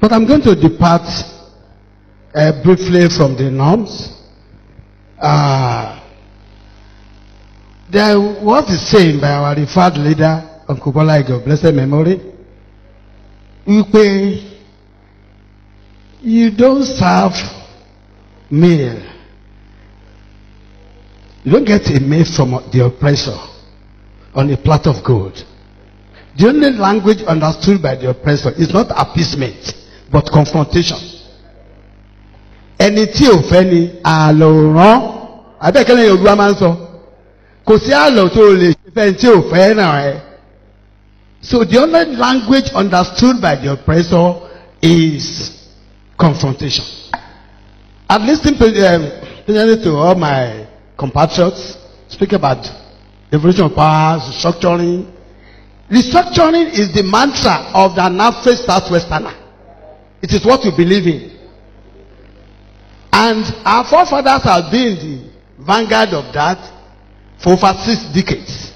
But I'm going to depart uh, briefly from the norms. Uh, there was a saying by our revered leader, Uncle Bola Ige, blessed memory, you don't serve meal. You don't get a meal from the oppressor on a plate of gold. The only language understood by the oppressor is not appeasement but confrontation ẹni tí ò fẹ́ ni àlòrán abẹ́kẹ́lẹ́ yorùbá máa ń sọ kò sí àlọ́ tó lè ṣe fẹ́ tí ò fẹ́ náà ẹ. So the only language understood by the oppressor is confrontation. I've listened um, patiently to all my compatriots speak about devolution of power, restructuring. Restructuring is the mantra of the Anafre Southwesterner. It is what you believe in. And our forefathers have been the vanguard of that for over six decades.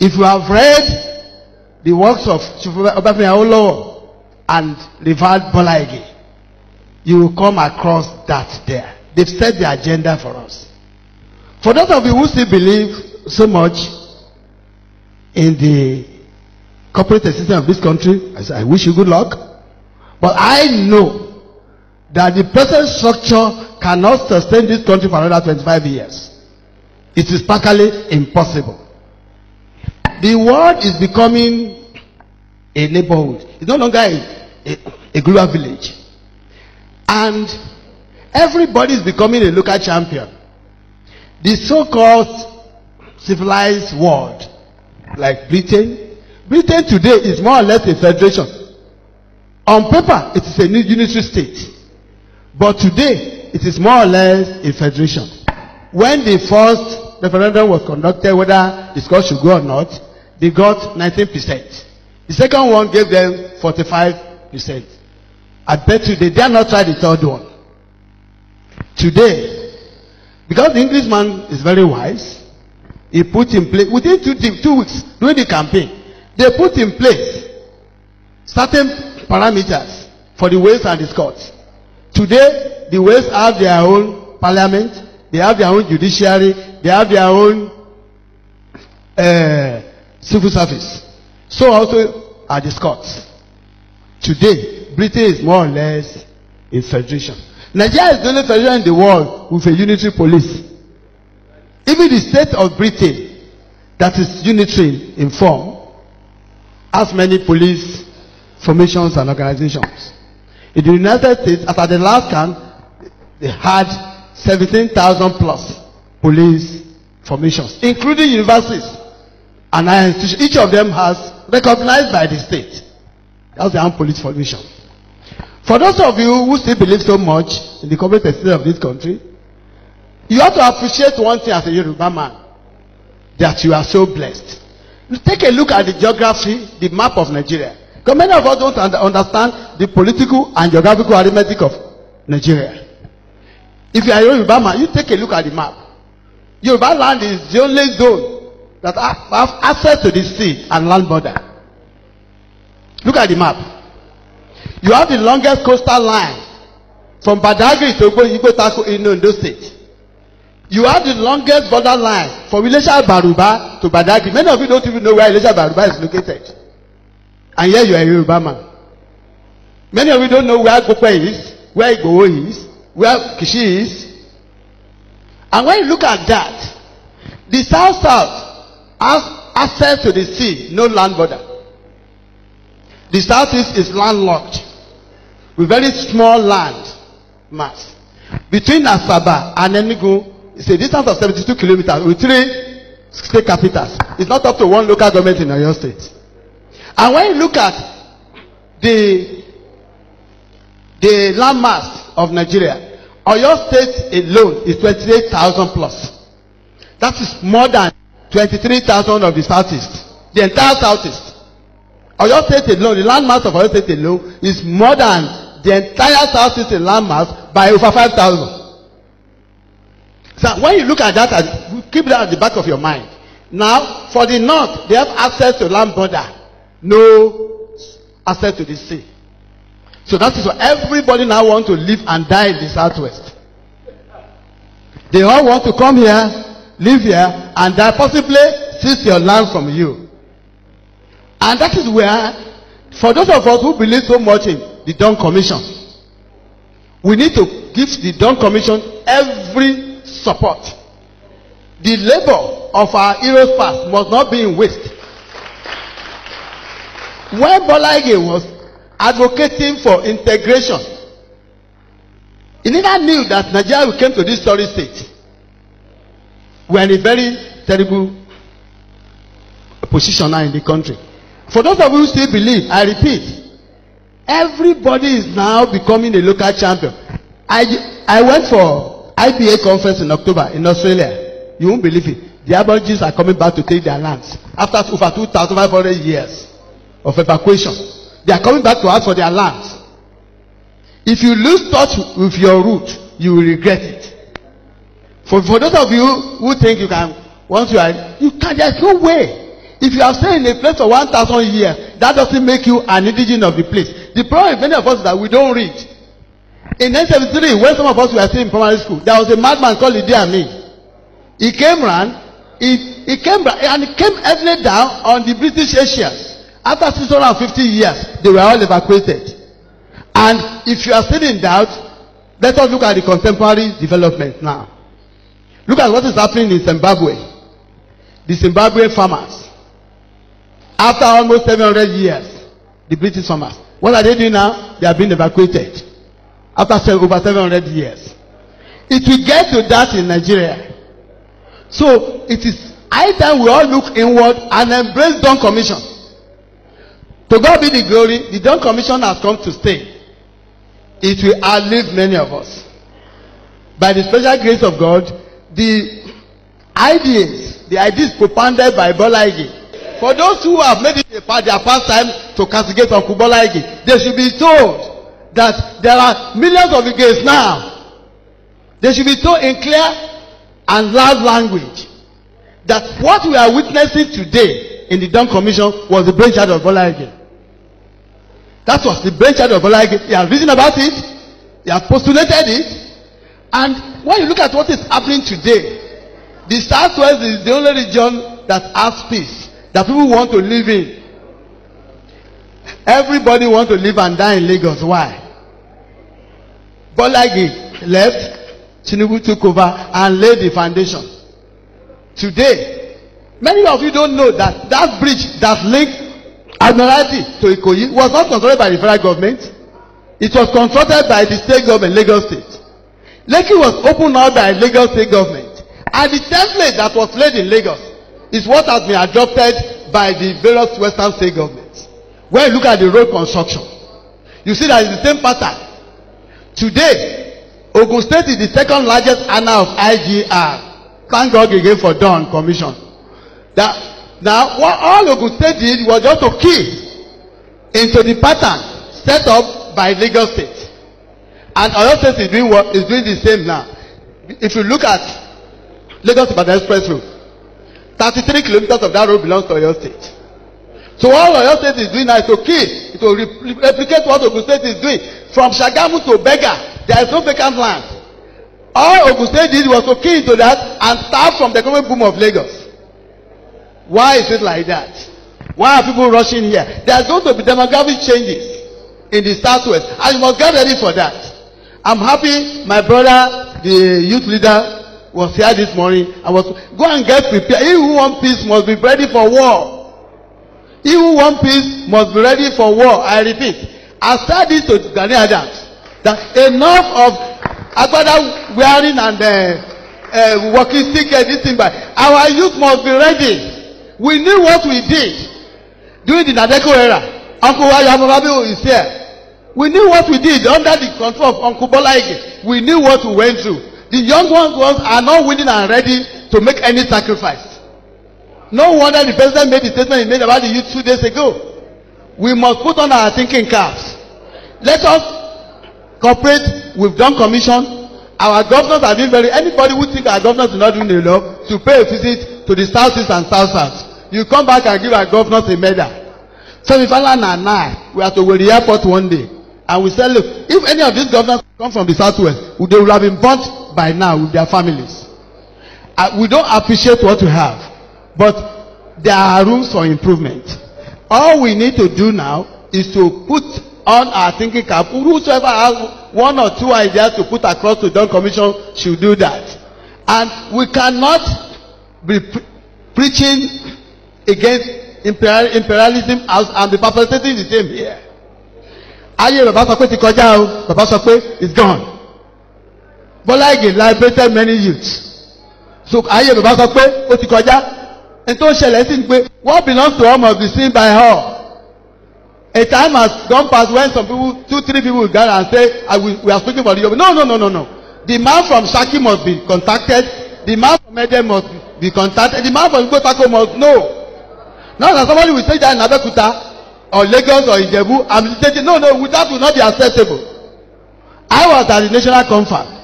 If you have read the works of Obafemi Awolowo and Rivard Bolaige, you will come across that there. They've set the agenda for us. For those of you who still believe so much in the corporate system of this country, I wish you good luck. But I know that the present structure cannot sustain this country for another 25 years. It is practically impossible. The world is becoming a neighborhood. It's no longer a, a, a global village. And everybody is becoming a local champion. The so-called civilized world, like Britain, Britain today is more or less a federation. On paper, it is a unitary state. But today, it is more or less a federation. When the first referendum was conducted, whether the Scots should go or not, they got 19%. The second one gave them 45%. I bet you they dare not try the third one. Today, because the Englishman is very wise, he put in place, within two, two weeks during the campaign, they put in place certain parameters for the wales and the scots today the wales have their own parliament they have their own judiciary they have their own uh, civil service so also are the scots today britain is more or less a federation nigeria is the only federation in the world with a unitary police even the state of britain that is unitary in form has many police formations and organizations. In the United States, after the last count, they had 17,000 plus police formations, including universities and institutions. Each of them has recognized by the state. That's the armed police formation. For those of you who still believe so much in the corporate state of this country, you have to appreciate one thing as a Yoruba man, that you are so blessed. Take a look at the geography, the map of Nigeria. Because many of us don't understand the political and geographical arithmetic of Nigeria. If you are a Yoruba man, you take a look at the map. Yoruba land is the only zone that have access to the sea and land border. Look at the map. You have the longest coastal line from Badagry to Igbotako in Ondo State. You have the longest border line from Ilesha Baruba to Badagry. Many of you don't even know where Ilesha Baruba is located. And here you are a Yoruba man. Many of you don't know where Gope is, where Igbo is, where Kishi is. And when you look at that, the South South has access to the sea, no land border. The Southeast is landlocked with very small land mass. Between Asaba and Enugu, it's a distance of 72 kilometers with three state capitals. It's not up to one local government in Oyo State. And when you look at the the landmass of Nigeria, Oyo State alone is twenty eight thousand plus. That is more than twenty three thousand of the Southeast, the entire Southeast. Oyo State alone, the landmass of Oyo State alone is more than the entire Southeast landmass by over five thousand. So when you look at that, keep that at the back of your mind. Now, for the North, they have access to land border no access to the sea. So that is why everybody now want to live and die in the southwest. They all want to come here, live here, and die possibly seize your land from you. And that is where, for those of us who believe so much in the Dawn Commission, we need to give the Dawn Commission every support. The labor of our heroes past must not be in waste. When Bolaige was advocating for integration, he never knew that Nigeria came to this sorry state. We are in a very terrible position now in the country. For those of you who still believe, I repeat, everybody is now becoming a local champion. I, I went for IPA conference in October in Australia. You won't believe it. The Aborigines are coming back to take their lands after over two thousand five hundred years of evacuation. They are coming back to ask for their lands. If you lose touch with your root, you will regret it. For, for those of you who think you can, once you are, you can, there's no way. If you have stayed in a place for 1,000 years, that doesn't make you an indigenous of the place. The problem with many of us is that we don't read. In 1973, when some of us were still in primary school, there was a madman called Idi Amin. He came round, he, he came and he came heavily down on the British Asians. After 650 years, they were all evacuated. And if you are still in doubt, let us look at the contemporary development now. Look at what is happening in Zimbabwe. The Zimbabwe farmers. After almost 700 years, the British farmers. What are they doing now? They are being evacuated. After over 700 years. It will get to that in Nigeria. So it is high time we all look inward and embrace Don Commission. To God be the glory, the Dawn Commission has come to stay. It will outlive many of us. By the special grace of God, the ideas, the ideas propounded by Bola for those who have made it a part, their pastime to castigate Uncle Bola they should be told that there are millions of Iges now. They should be told in clear and loud language that what we are witnessing today in the Dawn Commission was the brainchild of Bola That was the brainchild of Olaige. He has written about it. He has postulated it. And when you look at what is happening today, the Southwest is the only region that has peace, that people want to live in. Everybody wants to live and die in Lagos. Why? Bolaige left, Tinubu took over and laid the foundation. Today, many of you don't know that that bridge that link. Admiralty to Ikoyi was not controlled by the federal government. It was controlled by the state government, Lagos State. Lekki was opened now by Lagos State government. And the template that was laid in Lagos is what has been adopted by the various Western state governments. When you look at the road construction, you see that it's the same pattern. Today, Ogun State is the second largest owner of IGR. Thank God again for Don Commission. That Now, what all Ogun State did was just to key into the pattern set up by legal state. And Oyo State is doing what is doing the same now. If you look at Lagos Ibadan Express Road, 33 kilometers of that road belongs to Oyo State. So all Oyo State is doing now is to key, to re replicate what Ogun State is doing. From Shagamu to Bega, there is no vacant land. All Ogun State did was to key into that and start from the economic boom of Lagos. Why is it like that? Why are people rushing here? There is going to be demographic changes in the southwest, and you must get ready for that. I'm happy my brother, the youth leader, was here this morning. I was go and get prepared. He who wants peace must be ready for war. He who wants peace must be ready for war. I repeat. I said this to Ghanaian Adams that enough of agbada wearing and uh, uh, working stick uh, this thing by our youth must be ready We knew what we did during the Nadeko era. Uncle Ayamorabe is here. We knew what we did under the control of Uncle Bola Ige. We knew what we went through. The young ones are not willing and ready to make any sacrifice. No wonder the president made the statement he made about the youth two days ago. We must put on our thinking caps. Let us cooperate with Don Commission, our governors have been very anybody who think our governors is not doing enough to pay a visit to the southeast and south south You come back and give our governors a medal. So if Alana and I we are to the Airport one day, and we say, look, if any of these governors come from the south west, they would have been burnt by now with their families. Uh, we don't appreciate what we have, but there are rooms for improvement. All we need to do now is to put on our thinking cap. Whosoever has one or two ideas to put across to the commission should do that. And we cannot be pre preaching against imperialism as and the perpetrating the same here. ayé bàbá sọ pé ti kọjá o bàbá sọ pé it's gone. Bọ́lá Ìgè liberated many youths so ayé bàbá sọ pé ó ti kọjá n tó ṣẹlẹ̀ sí ni pé what belongs to all must be seen by all. A time has gone past when some people two three people will gather and say I will, we are speaking for the Yoruba no no no no no the man from Saki must be contacted the man from Ede must be contacted the man from Igbotako must know. Now that somebody will say that in Abeokuta or Lagos or Ijebu, I'm saying no, no, that will not be acceptable. I was at the national conference.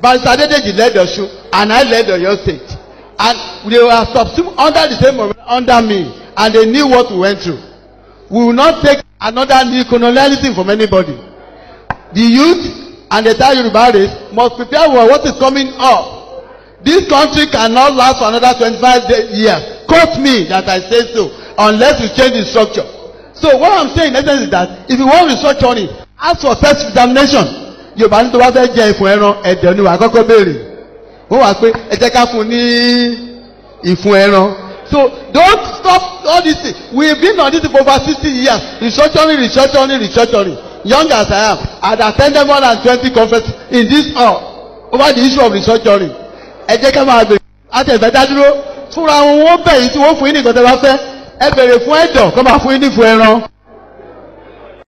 Barrister Adedeji led the show and I led the Oyo state. And they were subsumed under the same under me and they knew what we went through. We will not take another new colonialism from anybody. The youth and the entire Yoruba race must prepare for what is coming up. This country cannot last for another 25 years quote me that I say so unless you change the structure. So what I'm saying in essence is that if you want research on ask for self examination. Yorùbá ní tó bá fẹ́ jẹ ìfun ẹran ẹ̀dẹ̀ ni wàá kọ́kọ́ béèrè. Wọ́n wá pé ẹ jẹ́ ká fún un ní ìfun ẹran. So don't stop all this thing. We've been on this for over sixty years. Research research Restructuring, research restructuring. Young as I am, I had attended more than twenty conferences in this hall over the issue of research Ẹ jẹ́ ká máa béèrè. A tẹ̀sẹ̀ dá dúró fúnra wọn wọ́n bẹ̀ yìí tí wọ́n fún yín nìkan tẹ́ bá fẹ́ ẹ bèrè fún ẹ̀dọ̀ kọ́ máa fún yín nífun ẹran